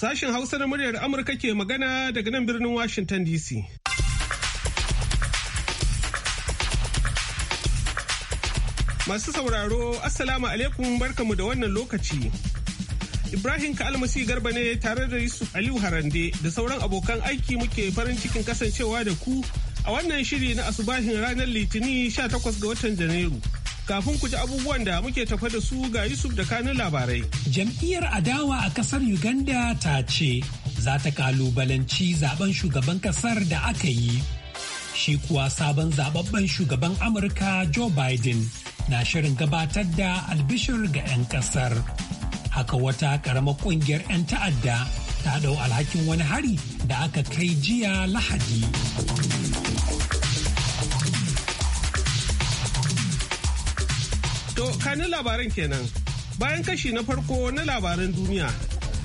Sashen Hausa na muryar Amurka ke magana daga nan birnin Washington DC. Masu sauraro, Assalamu alaikum barkamu da wannan lokaci. Ibrahim Kalmasi Garba ne tare da Yusuf Aliyu Harande da sauran abokan aiki muke farin cikin kasancewa da ku a wannan shiri na asubahin ranar Litinin 18 ga watan Janairu. kafin ku ji abubuwan da muke tafa da su ga Yusuf da kanun labarai. Jam'iyyar adawa a kasar Uganda ta ce za ta kalubalanci zaben shugaban kasar da aka yi. Shi kuwa sabon zababben shugaban Amurka Joe Biden na shirin gabatar da albishir ga 'yan kasar. Haka wata ƙaramar ƙungiyar 'yan ta'adda ta ɗau alhakin wani hari da aka kai jiya lahadi. To, kanin labaran kenan. Bayan kashi na farko na labaran duniya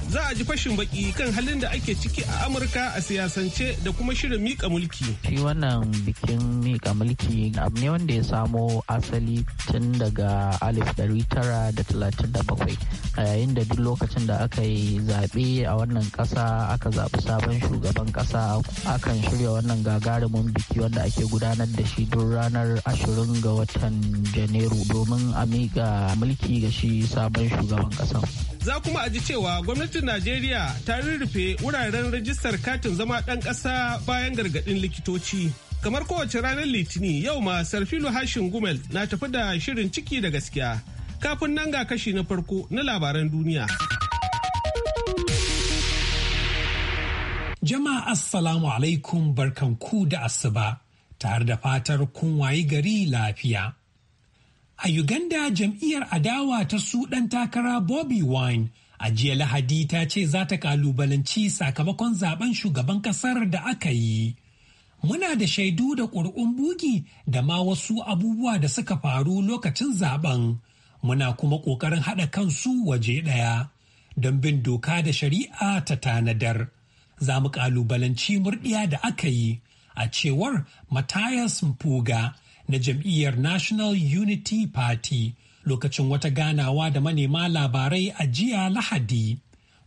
za a ji fashin baki kan halin da ake ciki a amurka a siyasance da kuma shirin mika mulki shi wannan bikin mika mulki abu ne wanda ya samo asali tun daga 1937 a yayin da duk lokacin da aka yi zaɓe a wannan ƙasa aka zaɓi sabon shugaban ƙasa akan shirya wannan gagarumin biki wanda ake gudanar da shi don ranar ashirin ga watan janairu domin a mika mulki ga shi sabon shugaban ƙasa za kuma a cewa gwamnatin Najeriya ta rurrufe wuraren rajistar katin zama ɗan ƙasa bayan gargaɗin likitoci. Kamar kowace ranar Litini yau ma Sarfilu Hashin Gumel na tafi da shirin ciki da gaskiya. Kafin nan ga kashi na farko na labaran duniya. Jama'a Assalamu alaikum barkanku da asuba tare da fatar kun wayi gari lafiya. A Uganda jam'iyyar adawa ta su ɗan takara Bobby Wine a jiya Lahadi ta ce za ta kalubalanci sakamakon zaben shugaban ƙasar da aka yi. Muna da shaidu da ƙuri'un bugi da ma wasu abubuwa da suka faru lokacin zaben. Muna kuma ƙoƙarin haɗa kansu waje ɗaya don bin doka da shari'a ta tanadar. Za mu ƙalubalanci murɗiya da aka yi a cewar Matthias Mpuga. na jam'iyyar National Unity Party lokacin wata ganawa da manema labarai a jiya Lahadi.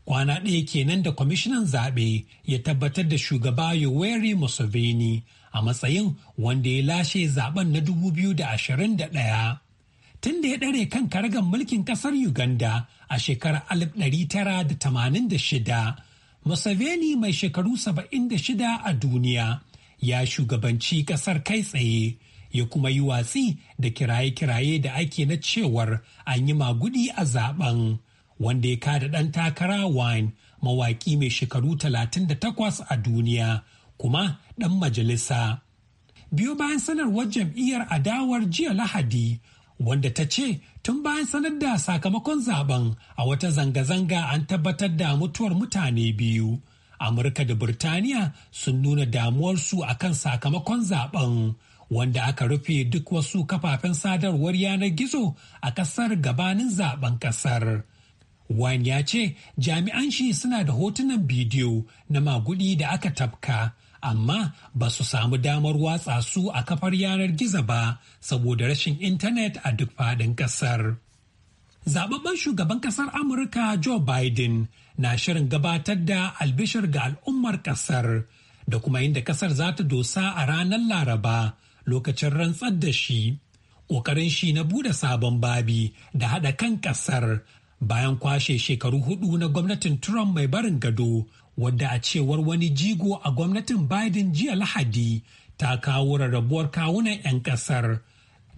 Kwana ɗaya kenan da kwamishinan zaɓe ya tabbatar da shugaba Yoweri Museveni a matsayin wanda ya lashe zaben na 2021. Tun da ya ɗare kan karagan mulkin ƙasar Uganda a shekarar 1986, Museveni mai shekaru 76 a duniya ya shugabanci ƙasar kai tsaye ya kuma yi watsi da kiraye-kiraye da ake na cewar an yi magudi a zaben wanda ya kada ɗan takara wine mawaki mai shekaru 38 a duniya kuma ɗan majalisa. Biyu bayan sanarwar jam'iyyar adawar jiya Lahadi wanda ta ce tun bayan sanar da sakamakon zaben a wata zanga-zanga an tabbatar da mutuwar mutane biyu. Amurka da Birtaniya sun nuna damuwarsu akan sakamakon zaben. wanda aka rufe duk wasu kafafen sadarwar yanar gizo a kasar gabanin zaben kasar. Wani ya ce jami'an shi suna da hotunan bidiyo na magudi da aka tafka, amma ba su samu damar watsa su a kafar yanar gizo ba saboda rashin intanet a duk faɗin ƙasar. Zababban shugaban ƙasar Amurka Joe Biden na shirin gabatar da albishir ga al'ummar ƙasar da kuma inda ƙasar za ta dosa a ranar Laraba. lokacin rantsar da shi ƙoƙarin shi na buɗe sabon babi da haɗa kan ƙasar bayan kwashe shekaru hudu na gwamnatin trump mai barin gado wadda a cewar wani jigo a gwamnatin biden jiya lahadi ta kawo rarrabuwar kawunan 'yan ƙasar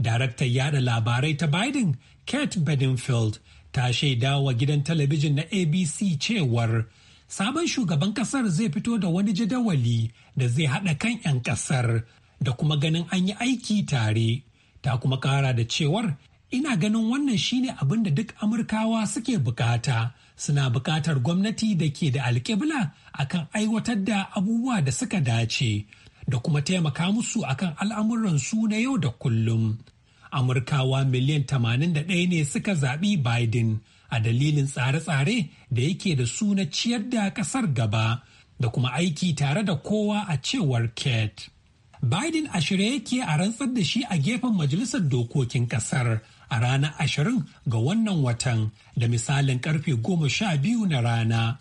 daraktar yada labarai ta biden kate bedingfield ta shaida wa gidan talabijin na abc cewar sabon shugaban kasar zai fito da wani jadawali da zai haɗa kan 'yan kasar da kuma ganin an yi aiki tare ta kuma kara da cewar ina ganin wannan shine abin da duk amurkawa suke bukata suna bukatar gwamnati da ke da alkibla akan aiwatar da abubuwa da suka dace da kuma taimaka musu akan su na yau da kullum amurkawa miliyan tamanin da ɗaya ne suka zaɓi biden a dalilin tsare-tsare da yake da suna ciyar da ƙasar gaba da kuma aiki tare da kowa a cewar kate Biden a shirye yake a rantsar da shi a gefen Majalisar Dokokin Kasar a ranar ashirin ga wannan watan da misalin karfe goma sha biyu na rana.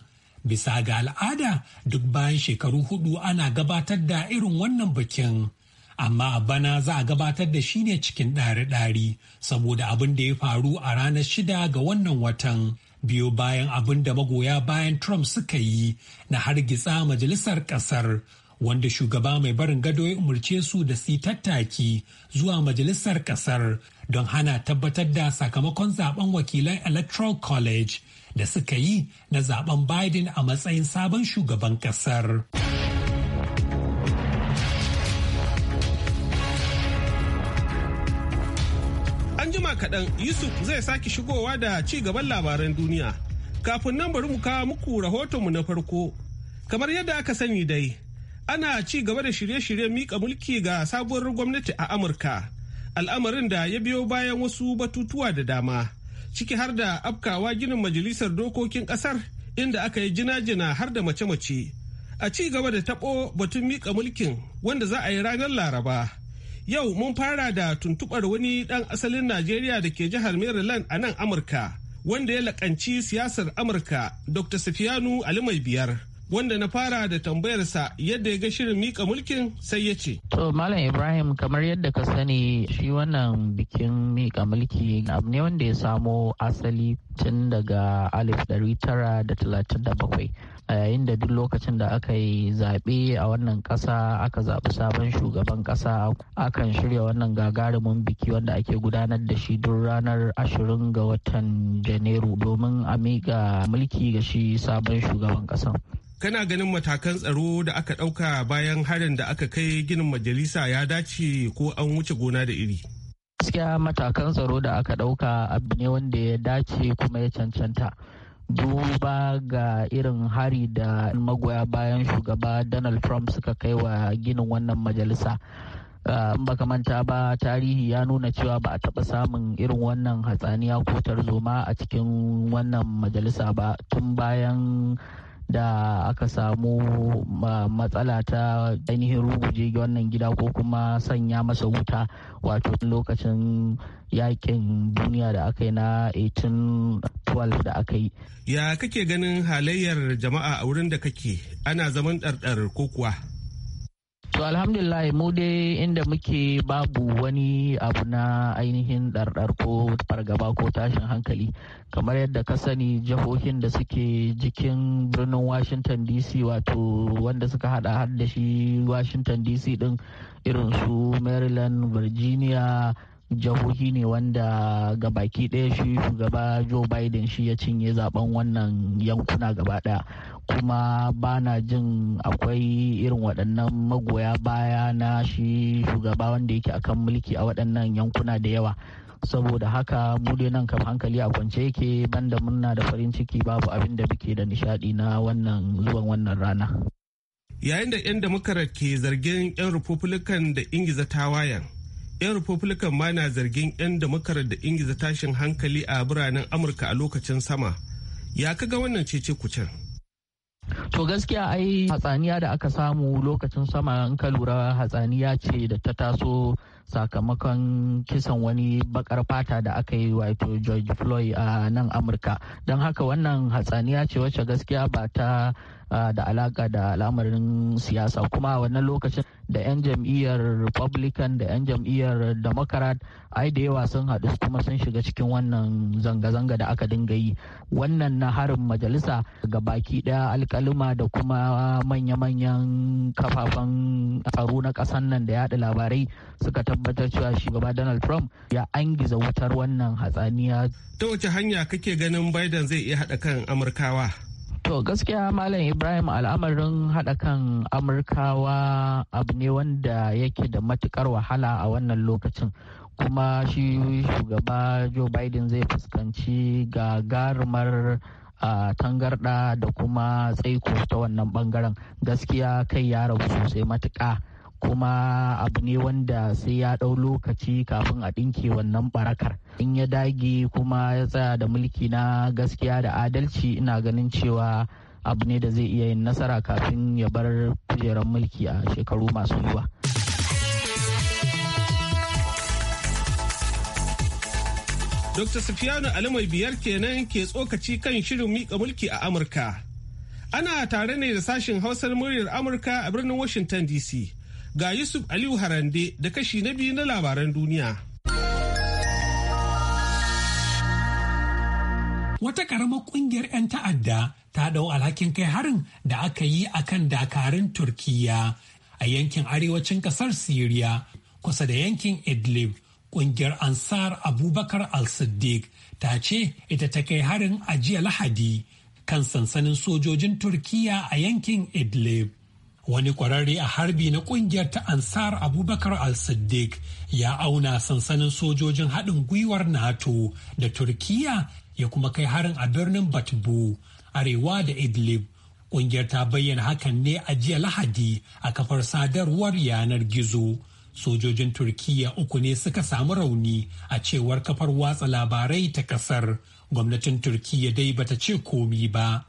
Bisa ga al'ada duk bayan shekaru hudu ana gabatar da irin wannan bikin. Amma a bana za a gabatar da shi ne cikin ɗari-ɗari saboda abin da ya faru a ranar shida ga wannan watan. biyo bayan abin da magoya bayan Trump suka yi na hargitsa majalisar ƙasar wanda shugaba mai barin gado ya umarce su da su tattaki zuwa majalisar kasar don hana tabbatar da sakamakon zaben wakilan electoral college da suka yi na zaben biden a matsayin sabon shugaban kasar an jima kaɗan yusuf zai sake shigowa da ci gaban labaran duniya kafin nan bari mu kawo muku mu na farko kamar yadda aka sani dai ana ci gaba da shirye-shiryen mika mulki ga sabuwar gwamnati a amurka al'amarin da ya biyo bayan wasu batutuwa da dama ciki har da afkawa ginin majalisar dokokin kasar inda aka yi jina-jina har da mace-mace a ci gaba da taɓo batun mika mulkin wanda za a yi ranar laraba yau mun fara da tuntuɓar wani ɗan asalin najeriya da ke jihar maryland a nan amurka wanda ya laƙanci siyasar amurka dr safiyanu ali mai biyar wanda na fara da tambayarsa yadda ya ga shirin mika mulkin sai ya ce. To Malam Ibrahim kamar yadda ka sani shi wannan bikin mika mulki abu ne wanda ya samo asali tun daga 1937. a yayin da duk lokacin da aka yi zaɓe a wannan ƙasa aka zaɓi sabon shugaban ƙasa akan shirya wannan gagarumin biki wanda ake gudanar da shi duk ranar ashirin ga watan janairu domin a mika mulki ga shi sabon shugaban ƙasan kana ganin matakan tsaro da aka ɗauka bayan harin da aka kai ginin majalisa ya dace ko an wuce gona da iri gaskiya matakan tsaro da aka ɗauka abu ne wanda ya dace kuma ya cancanta duba ga irin hari da magoya bayan shugaba donald trump suka kai wa ginin wannan majalisa ah, in baka manta ba tarihi ya nuna cewa ba a taɓa samun irin wannan hatsaniya ko tarzoma a cikin wannan majalisa ba tun bayan da aka samu matsala ta ainihin ruguje wannan gida ko kuma sanya masa wuta wato lokacin yakin duniya da aka yi na 1812 da aka yi. Ya kake ganin halayyar jama'a a wurin da kake ana zaman ɗarɗar ko kuwa? To alhamdulillah mu dai inda muke babu wani abu na ainihin ɗarɗar ko fargaba ko tashin hankali. Kamar yadda ka sani jihohin da suke jikin birnin Washington DC wato wanda suka hada har da shi Washington DC din irin su Maryland, Virginia, jihohi ne wanda ga baki ɗaya shi shugaba joe biden shi ya cinye zaben wannan yankuna gaba ɗaya kuma ba na jin akwai irin waɗannan magoya baya na shi shugaba wanda yake akan mulki a waɗannan yankuna da yawa saboda haka mu dai nan kam hankali a kwance yake banda murna da farin ciki babu abin da muke da nishadi na wannan zuwan wannan rana yayin da 'yan democrat ke zargin 'yan republican da ingiza tawayan 'yan republican ma na zargin 'yan democrat da ingiza tashin hankali a biranen amurka a lokacin sama ya kaga wannan cece kucin To gaskiya ai hatsaniya da aka samu lokacin sama in ka lura hatsaniya ce da ta taso sakamakon kisan wani bakar fata da aka yi wato George Floyd a nan Amurka. Don haka wannan hatsaniya ce wacce gaskiya ba ta Ah, da alaka da al'amarin siyasa kuma a wannan lokacin da 'yan jam'iyyar republican da 'yan jam'iyyar democrat ai da yawa sun haɗu kuma sun shiga cikin wannan zanga-zanga da aka dinga yi wannan na harin majalisa ga baki ɗaya alkaluma da kuma manya-manyan kafafen tsaro na ƙasan nan da yaɗa labarai suka tabbatar cewa shugaba donald trump ya angiza wutar wannan hatsaniya ta wace hanya kake ganin biden zai iya haɗa kan amurkawa To gaskiya Malam Ibrahim al'amarin haɗa kan Amurkawa abu ne wanda yake da matukar wahala a wannan lokacin. Kuma shi shugaba Joe Biden zai fuskanci gagarumar a tangarɗa da kuma tsaiko ta wannan bangaren gaskiya kai ya rabu sosai matuƙa kuma abu ne wanda sai ya ɗau lokaci kafin a ɗinke wannan barakar in ya dage kuma ya tsaya da mulki na gaskiya da adalci ina ganin cewa abu ne da zai iya yin nasara kafin ya bar kujerar mulki a shekaru masu zuwa. Dr. Sufiyanu Ali mai biyar kenan ke tsokaci kan shirin mika mulki a Amurka. Ana tare ne da sashin Hausar muryar Amurka a birnin Washington DC. Ga Yusuf Aliyu Harande da kashi na biyu na labaran duniya. Wata ƙaramar ƙungiyar 'yan ta'adda ta ɗau alhakin kai harin da aka yi a kan dakarun Turkiyya a yankin arewacin ƙasar Siriya kusa da yankin Idlib. Ƙungiyar Ansar Abubakar Al-Siddiq ta ce ita ta kai harin a jiya Lahadi kan sansanin sojojin Turkiyya a yankin Idlib. wani kwararre a harbi na kungiyar ta ansar abubakar al-siddiq ya auna sansanin sojojin haɗin gwiwar nato da turkiya ya kuma kai harin a birnin batbu arewa da idlib kungiyar ta bayyana hakan ne a jiya lahadi a kafar sadarwar yanar gizo sojojin turkiya uku ne suka samu rauni a cewar kafar watsa labarai ta kasar gwamnatin turkiya dai bata ce komi ba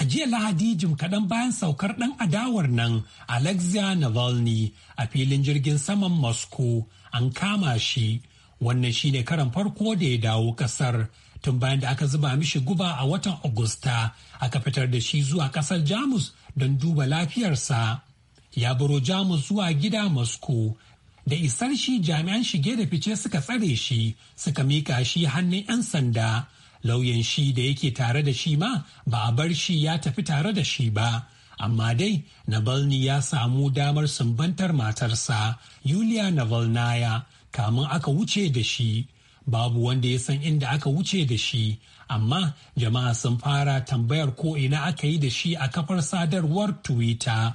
A jiya Lahadi jim kaɗan bayan saukar ɗan adawar nan Alexia Navalny a filin jirgin saman Moscow an kama shi. Wannan shi ne karan farko da ya dawo ƙasar tun bayan da aka zuba mishi guba a watan Agusta aka fitar da shi zuwa ƙasar Jamus don duba lafiyarsa. Ya baro Jamus zuwa gida Moscow da isar shi jami'an shige da fice suka tsare shi suka mika shi hannun 'yan sanda lauyan shi da yake tare da shi ma ba a bar shi ya tafi tare da shi ba amma dai navalny ya samu damar sumbantar matarsa yulia navalnaya kamun aka wuce da shi babu wanda ya san inda aka wuce da shi amma jama'a sun fara tambayar ko ina aka yi da shi a kafar sadarwar twitter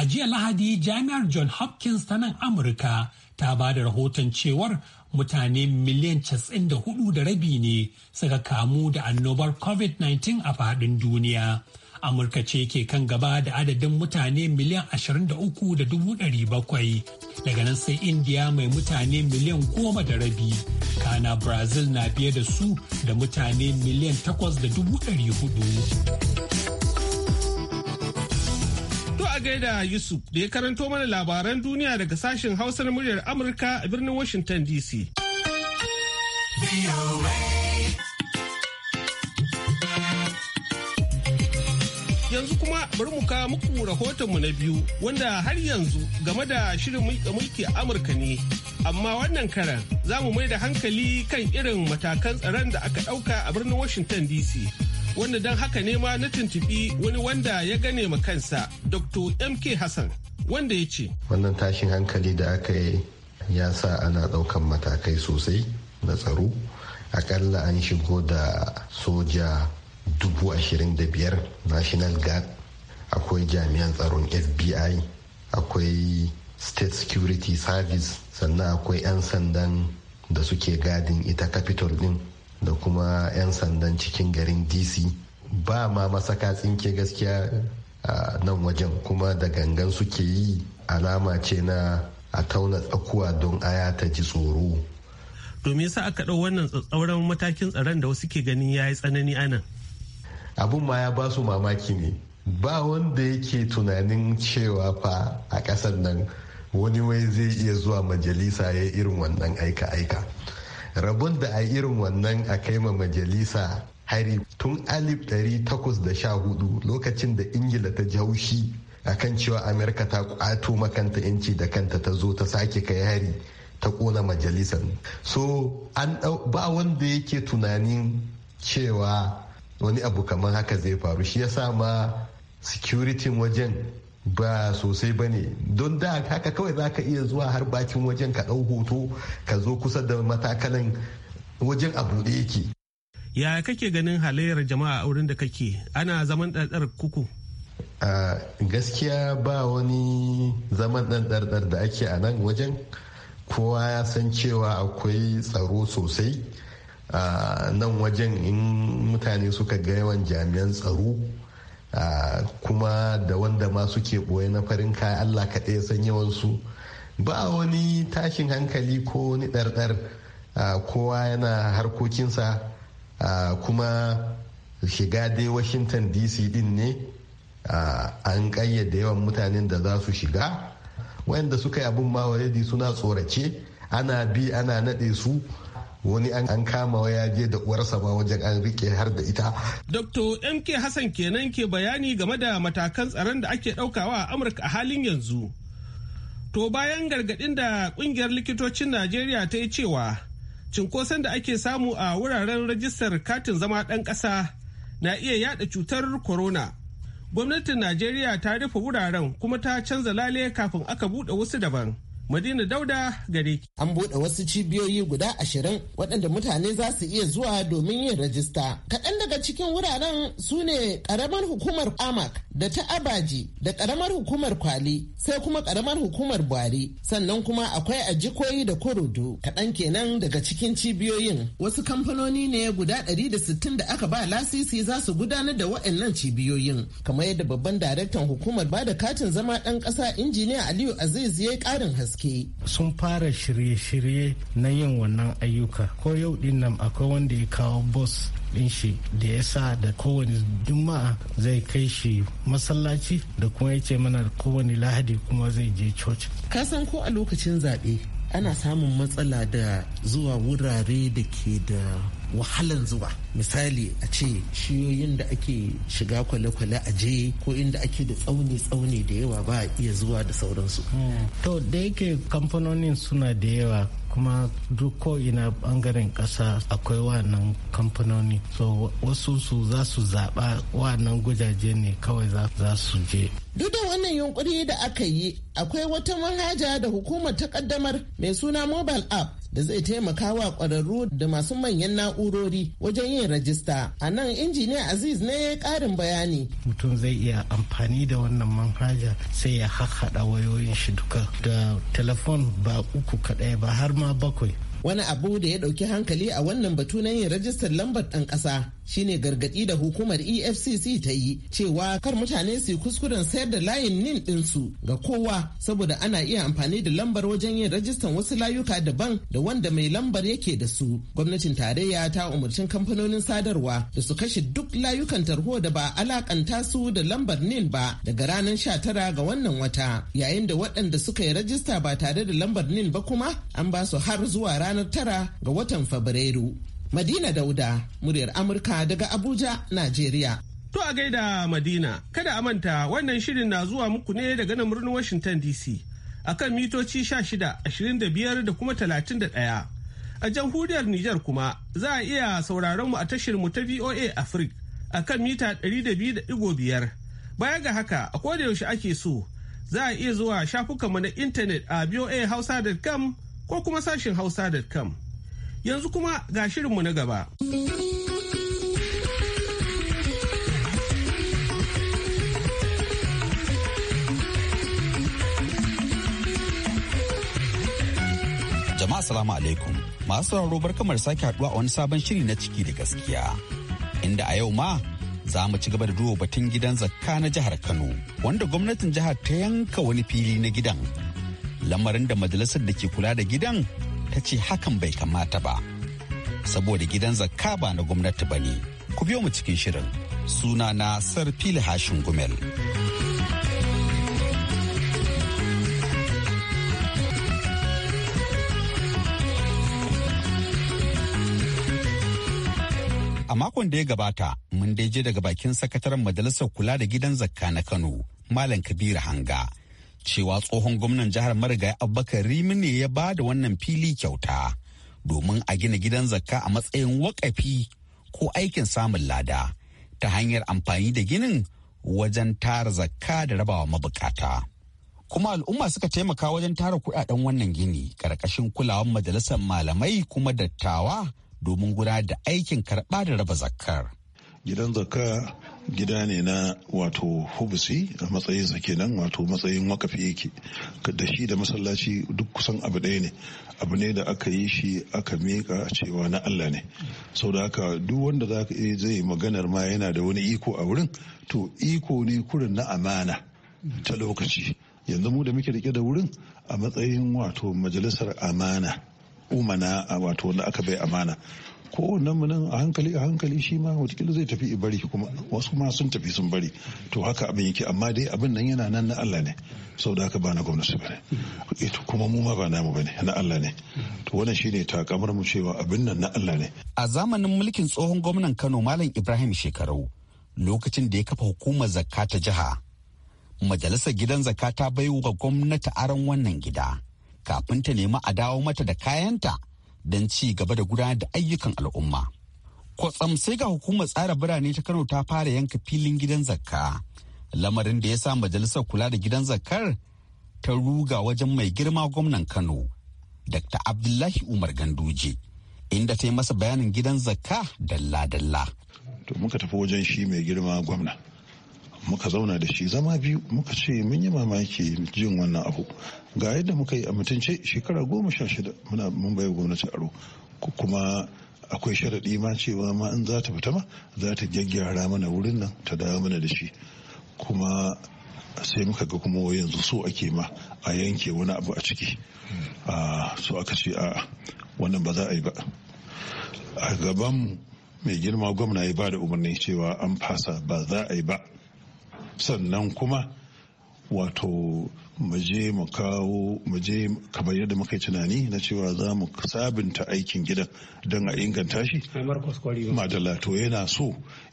a jiya lahadi jami'ar john hopkins ta nan amurka ta ba da rahoton cewar mutane miliyan 94 da rabi ne suka kamu da annobar covid-19 a faɗin duniya amurka ce ke kan gaba da adadin mutane miliyan 23,700 daga nan sai indiya mai mutane miliyan goma da rabi kana brazil na biye da su da mutane miliyan 8,400 a gaida Yusuf da ya karanto mana labaran duniya daga sashen Hausa muryar Amurka a birnin Washington DC. Yanzu kuma bari mu kawo muku rahotonmu na biyu wanda har yanzu game da shirin mulki a Amurka ne. Amma wannan karan za mu mai da hankali kan irin matakan tsaron da aka ɗauka a birnin Washington DC. wanda don haka ne ma na tuntubi wani wanda ya gane ma kansa dr mk hassan wanda ya ce wannan tashin hankali da aka yi ya sa ana ɗaukan matakai sosai na tsaro akalla an shigo da soja dubu ashirin da biyar national guard akwai jami'an tsaron fbi akwai state security service sannan akwai 'yan sandan da suke gadin ita capital din da kuma 'yan sandan cikin garin dc ba ma masaka tsinke gaskiya a nan wajen kuma da gangan suke yi alama ce na a tauna tsakuwa don aya ta ji tsoro domin sa aka ɗau wannan tsatsauran matakin tsaron da wasu ke ganin ya yi tsanani anan abin ma ya ba su mamaki ne ba wanda yake tunanin cewa fa a ƙasar nan wani wai zai iya zuwa majalisa ya irin wannan aika-aika rabon da a irin wannan a kai ma majalisa hari tun 1814 lokacin da ingila ta jaushi kan cewa amerika ta kwato makanta yanci da kanta ta zo ta sake kai hari ta kona majalisar so an ba wanda yake tunanin cewa wani abu kamar haka zai faru shi ya ma security wajen ba sosai ba ne don da haka kawai za ka iya zuwa har bakin wajen ka ɗau hoto ka zo kusa da matakalan wajen a buɗe yake ya kake ganin halayyar jama'a a wurin da kake ana zaman ɗarɗar kuku a gaskiya ba wani zaman ɗarɗar da ake a nan wajen kowa ya san cewa akwai tsaro sosai a nan wajen in mutane suka ga yawan jami'an tsaro Ah, kuma da wanda ma suke ɓoye na farin kaya allah kaɗai ya san yawansu ba wani tashin hankali ko wani ɗarɗar ah, kowa yana harkokinsa ah, kuma shiga dai washington dc din ne an ƙayyade yawan mutanen da za su shiga wayanda suka yi abin ma suna tsorace ana bi ana naɗe su wani an kama ya je da uwarsa ba wajen an rike har da ita. Dr. MK Hassan kenan ke bayani game da matakan tsaron da ake daukawa a Amurka a halin yanzu. To bayan gargadin da ƙungiyar likitocin Najeriya ta yi cewa cinkoson da ake samu a wuraren rajistar katin zama ɗan ƙasa na iya yada cutar corona. Gwamnatin Najeriya ta rufe wuraren kuma ta canza lale kafin aka buɗe wasu daban. Madina Dauda gare An buɗe wasu cibiyoyi guda ashirin waɗanda mutane za su iya zuwa domin yin rajista. Kaɗan daga cikin wuraren su ne ƙaramar hukumar Amak da ta Abaji da ƙaramar hukumar Kwali sai kuma ƙaramar hukumar bwari sannan kuma akwai ajikoyi da Kurudu kaɗan kenan daga cikin cibiyoyin. Wasu kamfanoni ne guda ɗari da sittin da aka ba lasisi za su gudanar da waɗannan cibiyoyin kamar yadda babban daraktan hukumar ba da katin zama ɗan ƙasa injiniya Aliyu Aziz ya yi ƙarin haske. sun fara shirye-shirye na yin wannan ayyuka ko yau din nan akwai wanda ya kawo bus din shi da ya sa da kowane juma'a zai kai shi masallaci da kuma ya ce mana kowane lahadi kuma zai je coci ka san ko a lokacin zaɓe ana samun matsala da zuwa wurare da ke da wahalan zuwa misali a ce shiyoyin da ake shiga kwale-kwale a je ko inda ake da tsauni-tsauni da yawa ba a iya zuwa da sauransu hmm. to da yake kamfanonin suna da yawa kuma duk ko ina bangaren kasa akwai wannan kamfanoni so wasu su za su zaɓa wannan gujaje ne kawai za su je duk da wannan yunkuri da aka yi akwai wata manhaja da hukumar ta kaddamar mai suna mobile app da zai taimaka wa kwararru da masu manyan na'urori wajen yin rajista a nan injiniya aziz ne ya karin bayani mutum zai iya amfani da wannan manhaja sai ya haɗa wayoyin shi duka da telefon ba uku kaɗai ba har ma bakwai wani abu da ya dauki hankali a wannan batu na yin rajistar lambar ɗan ƙasa shine gargaɗi da hukumar efcc ta yi cewa kar mutane su kuskuren sayar da layin nin ɗinsu ga kowa saboda ana iya amfani da lambar wajen yin rajistan wasu layuka daban da wanda mai lambar yake da su gwamnatin tarayya ta umarcin kamfanonin sadarwa da su kashe duk layukan tarho da ba alakanta su da lambar nin ba daga ranar sha tara ga wannan wata yayin da waɗanda suka yi rajista ba tare da lambar nin ba kuma an ba su har zuwa ranar tara ga watan Fabrairu. Madina Dauda, muryar Amurka daga Abuja, Najeriya. To a gaida Madina, kada a manta wannan shirin na zuwa muku ne daga nan murnin Washington DC akan mitoci 16, 25 da kuma 31. A jamhuriyar Nijar kuma za a iya sauraron mu a tashar mu ta VOA Africa akan mita 200.5. Baya ga haka, a koda yaushe ake so, za a iya zuwa shafukanmu na intanet a voahausa.com ko kuma sashin hausa.com. Yanzu kuma ga shirinmu na gaba. Jama'a salamu alaikum masu sauraro barkamar sake haduwa a wani sabon shiri na ciki da gaskiya. Inda a yau ma za mu ci gaba da duba batun gidan zakka na jihar Kano wanda gwamnatin jihar ta yanka wani fili na gidan lamarin da majalisar da ke kula da gidan ta ce hakan bai kamata ba saboda gidan zakka ba na gwamnati ba ne ku biyo mu cikin shirin suna na sarfili hashin gumel a makon da ya gabata mun daije daga bakin sakataren majalisar kula da gidan zakka na kano malam Kabiru hanga cewa tsohon gwamnan jihar marigayi abubakar rimi ne ya ba da wannan fili kyauta domin a gina gidan zakka a matsayin wakafi ko aikin samun lada ta hanyar amfani da ginin wajen tara zakka da rabawa mabukata kuma al'umma suka taimaka wajen tara kuɗaɗen wannan gini karkashin kulawan majalisar malamai kuma dattawa domin gudanar da aikin karɓa da raba zakkar gidan zakka gida ne na wato hubusi a matsayin sa kenan wato matsayin wakafi yake da shi da masallaci duk kusan abu ɗaya ne abu ne da aka yi shi aka miƙa cewa na Allah ne sau da haka duk wanda za ka zai maganar ma yana da wani iko a wurin to iko ne kurin na amana ta lokaci yanzu mu da muke rike da wurin a matsayin wato majalisar amana umana wato wanda aka bai amana Ko nan mu nan a hankali a hankali shi ma wataƙila zai tafi bari kuma wasu ma sun tafi sun bari to haka abin yake amma dai abin nan yana nan na Allah ne saboda haka ba na gwamnati bane ita eh, kuma mu ma ba namu bane na Allah ne to wannan shine takamar mu cewa abin nan na Allah ne a zamanin mulkin tsohon gwamnan Kano Malam Ibrahim Shekarau lokacin da ya kafa hukumar zakka ta jiha majalisar gidan zakka ta baiwa gwamnati aron wannan gida kafin ta nemi a dawo mata da kayanta don ci gaba da gudanar da ayyukan al'umma. Kwatsam sai ga hukumar tsara birane ta Kano ta fara yanka filin gidan zakka. Lamarin da ya sa majalisar kula da gidan zakkar ta ruga wajen mai girma gwamnan Kano, Dr. Abdullahi Umar Ganduje, inda ta yi masa bayanin gidan zakka dalla-dalla. To muka tafi wajen shi mai girma gwamna. muka zauna da shi zama biyu muka ce mun yi mamaki jin wannan abu ga yadda muka yi a mutunce shekara goma sha shida muna mun bai gwamnati aro kuma akwai sharaɗi ma cewa ma in za ta fita ma za ta gyaggyara mana wurin nan ta dawo mana da shi kuma sai muka ga kuma yanzu so ake ma a yanke wani abu a ciki so aka ce a wannan ba za a yi ba a gaban mai girma gwamna ya ba da umarni cewa an fasa ba za a yi ba sannan kuma wato maje mu kawo maje kamar yadda muka yi tunani na cewa za mu sabunta aikin gidan don a inganta shi madalla to yana so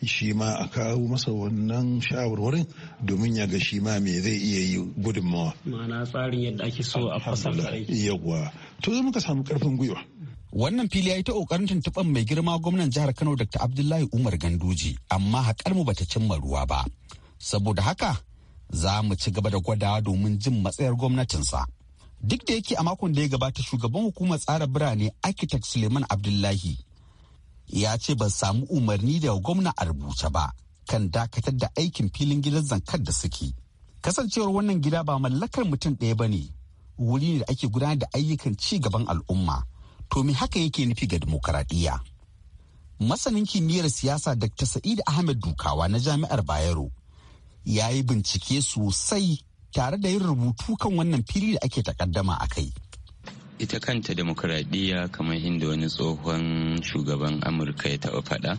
shi ma a kawo masa wannan shawarwarin domin ya ga shi ma me zai iya yi gudunmawa ma'ana tsarin yadda ake so a fasalta aiki yawa to zai muka samu karfin gwiwa wannan fili ya yi ta kokarin tuntuɓar mai girma gwamnan jihar kano dr abdullahi umar ganduji amma haƙar mu bata cimma ruwa ba saboda haka za mu ci gaba da gwadawa domin jin matsayar gwamnatinsa duk da yake a makon da ya gabata shugaban hukumar tsara birane architect suleiman abdullahi ya ce ban samu umarni da gwamna a rubuce ba kan dakatar da aikin filin gidan zankar da suke kasancewar wannan gida ba mallakar mutum ɗaya ba ne wuri ne da ake gudanar da ayyukan ci gaban al'umma to me haka yake nufi ga dimokuraɗiyya masanin kimiyyar siyasa dr sa'id ahmed dukawa na jami'ar bayero ya yi bincike sosai tare da yin rubutu kan wannan fili da ake takaddama a kai. ita kanta demokuraɗiyya kamar inda wani tsohon shugaban amurka ya taɓa faɗa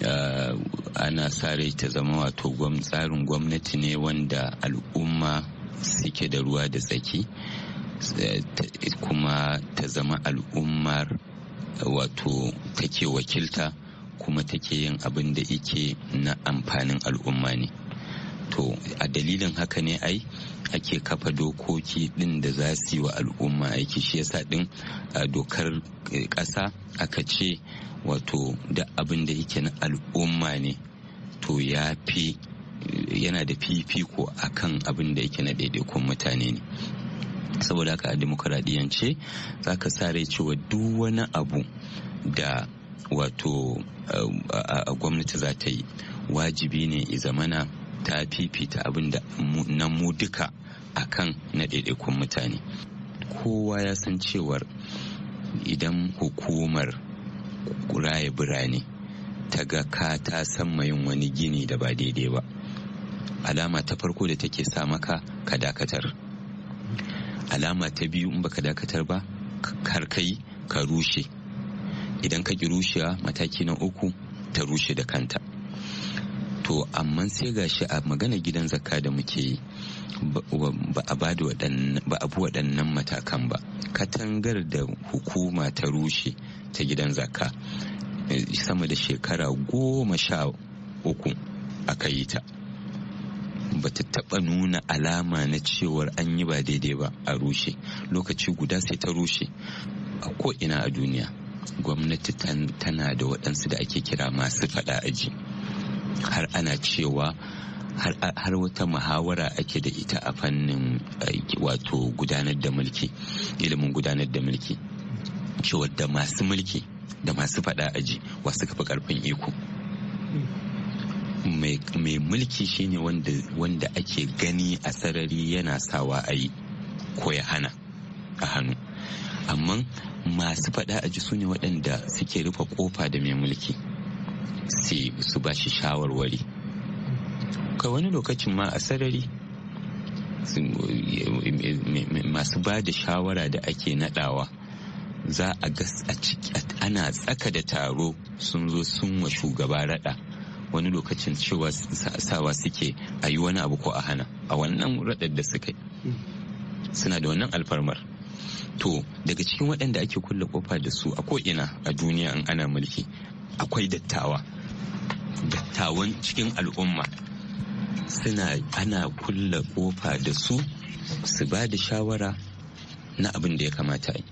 eh, ana sare ta zama wato tsarin gwamnati ne wanda al'umma suke da ruwa da tsaki eh, kuma ta zama al'ummar eh, wato take wakilta kuma take yin abin da ike na amfanin al'umma ne to a dalilin haka ne ai ake kafa dokoki din da za su yi wa al'umma aiki shi yasa din dokar eh, ƙasa aka ce wato da abin da yake na al'umma ne to ya fi yana da fifiko a kan abin da yake na daidaikun mutane ne saboda haka a demokuraɗiyyance za ka sa rai cewa duk wani abu da wato eh, gwamnati za ta yi wajibi ne i zamana ta fifita abin da na mu duka kan na ɗaiɗaikun mutane kowa ya san cewar idan hukumar raye birane ta ga ka ta san yin wani gini da ba daidai ba alama ta farko da take sa maka ka dakatar alama ta biyu in baka dakatar ba kar kai ka rushe idan ka ki rushewa mataki na uku ta rushe da kanta to amma sai ga shi a magana gidan zakka da muke yi ba a bi waɗannan matakan ba katangar da hukuma ta rushe ta gidan zakka eh, sama da shekara goma sha uku aka yi ta ba ta taɓa nuna alama na cewar an yi ba daidai ba a rushe lokaci guda sai ta rushe a ko'ina a duniya gwamnati tana da waɗansu da ake kira masu faɗa aji har ana cewa har wata muhawara ake da ita a fannin eh, wato gudanar da mulki ilimin gudanar da mulki cewa da masu mulki da masu fada aji wasu kafa karfin iko mai mulki shine wanda ake gani a sarari yana sawa a yi ko ya hana a hannu amma masu fada aji su ne waɗanda suke rufe kofa da mai mulki su ba shi shawarwari ka wani lokacin ma a sarari masu ba da shawara da ake nadawa za a ga ana tsaka da taro sun zo sun wa shugaba rada wani lokacin cewa sawa suke a yi wani abu ko a hana a wannan radar da suka yi suna da wannan alfarmar to daga cikin waɗanda ake kulle kofa da su a ko'ina a duniya in ana mulki akwai dattawa dattawan cikin al'umma suna ana kulla kofa da su su ba da shawara na abin da ya kamata yi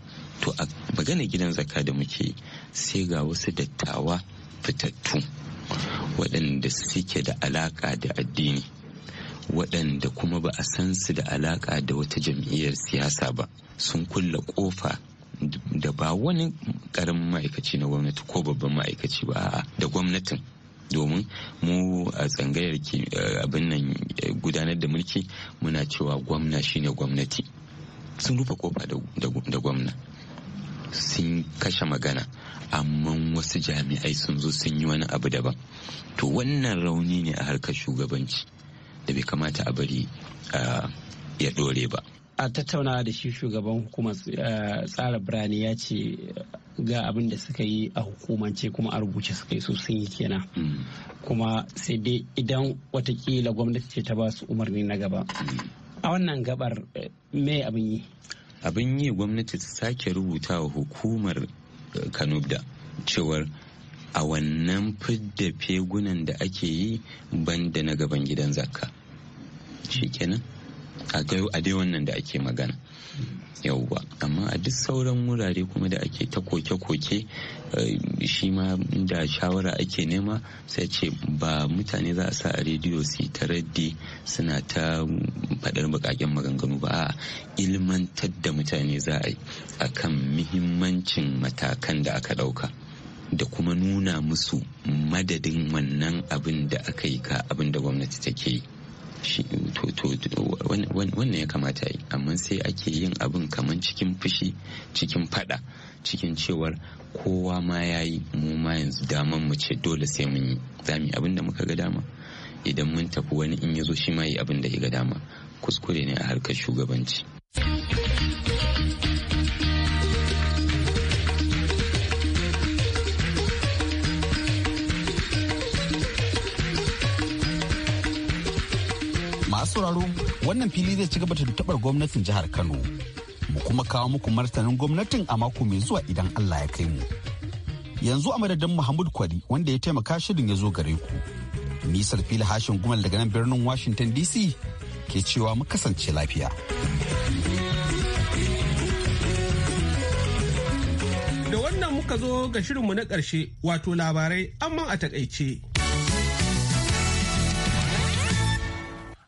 to a magana gidan zakka da muke sai ga wasu dattawa fitattu waɗanda suke da alaƙa da addini waɗanda kuma ba a san su da alaƙa da wata jam'iyyar siyasa ba sun kulla ƙofa da ba wani karamin ma'aikaci na gwamnati ko babban ma'aikaci ba da gwamnatin domin mu a tsangayar eh, abin nan eh, gudanar da mulki muna cewa gwamna shine gwamnati sun rufe kofa da gwamna sun kashe magana amma wasu jami'ai sun zo sun yi wani abu daban to wannan rauni ne a harkar shugabanci da bai kamata a bari ah, ya dore ba a tattauna da shi shugaban hukumar eh, tsara birane ya ce ga abin da suka yi a hukumance kuma a rubuce suka yi su sun yi kenan mm. kuma sai dai idan watakila gwamnati ce ta ba su umarni na gaba a wannan gabar eh, me abin yi abin yi gwamnati ta sake rubuta wa hukumar eh, kanubda cewar a wannan fidda fegunan da ake yi banda na gaban gidan zakka shikenan ga a dai wannan da ake magana yauwa amma a duk sauran wurare kuma da ake ta koke-koke eh, shi ma da shawara ake nema sai ce ba mutane za a sa a rediyo su ta raddi suna ta faɗar bukaken maganganu ba a ilmantar da mutane za a yi a kan muhimmancin matakan da aka ɗauka da kuma nuna musu madadin wannan abin da aka yi ka abin da gwamnati take yi shi wannan ya kamata yi amma sai ake yin abin kamar cikin fushi cikin fada cikin cewar kowa ma ya yi mu ma yanzu daman mu ce dole sai mun yi za mu abin da muka ga dama idan mun tafi wani in ya zo shi ma yi abin da ya ga dama kuskure ne a harkar shugabanci. sauraro wannan fili zai ci gaba da tabar gwamnatin jihar Kano. Mu kuma kawo muku martanin gwamnatin a mako mai zuwa idan Allah ya kai mu. Yanzu a madadin Muhammad Kwari wanda ya taimaka shirin ya zo gare ku. Nisar fili hashin gumal daga nan birnin Washington DC ke cewa mu kasance lafiya. Da wannan muka zo ga shirinmu na ƙarshe wato labarai amma a takaice.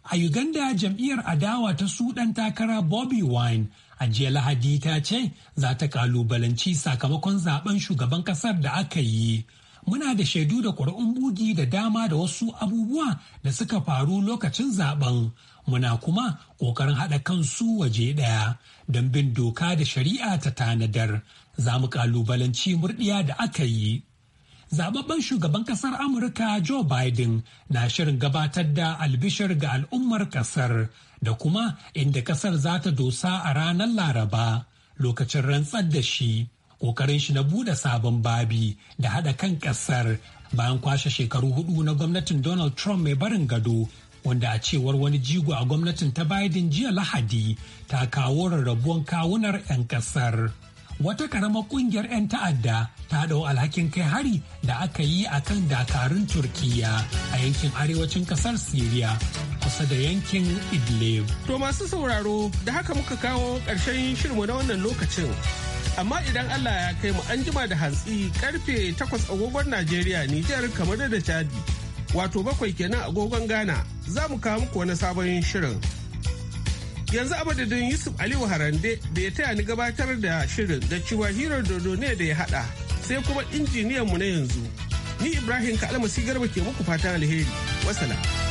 A Uganda jam'iyyar adawa ta su ɗan takara Bobby Wine a jiya Lahadi ta ce za ta kalubalanci sakamakon zaben shugaban ƙasar da aka yi. Muna da shaidu da ƙuri'un bugi da dama da wasu abubuwa da suka faru lokacin zaben. Muna kuma ƙoƙarin haɗa kansu waje ɗaya don bin doka da shari'a ta tanadar. Za mu kalubalanci murɗiya da aka yi. zababben shugaban kasar amurka joe biden na shirin gabatar da albishir ga al'ummar kasar da kuma inda kasar za ta dosa a ranar laraba lokacin rantsar da shi kokarin shi na bude sabon babi da hada kan kasar bayan kwashe shekaru hudu na gwamnatin donald trump mai barin gado wanda a cewar wani jigo a gwamnatin ta biden jiya lahadi ta kawo rarrabuwan kawunar 'yan kasar. wata karamar kungiyar 'yan ta'adda ta dau alhakin kai hari da aka yi a kan dakarun turkiya a yankin arewacin kasar syria kusa da yankin idlib to masu sauraro da haka muka kawo ƙarshen shirmu na wannan lokacin amma idan allah ya kai mu an jima da hantsi karfe 8 agogon najeriya nijar kamar da chadi wato bakwai kenan agogon ghana za mu kawo muku wani sabon shirin yanzu a madadin yusuf aliyu harande da ya taya ni gabatar da shirin da cewa hirar dodo ne da ya hada sai kuma injiniyanmu na yanzu ni ibrahim kalmasi garba ke muku fatan alheri wasala.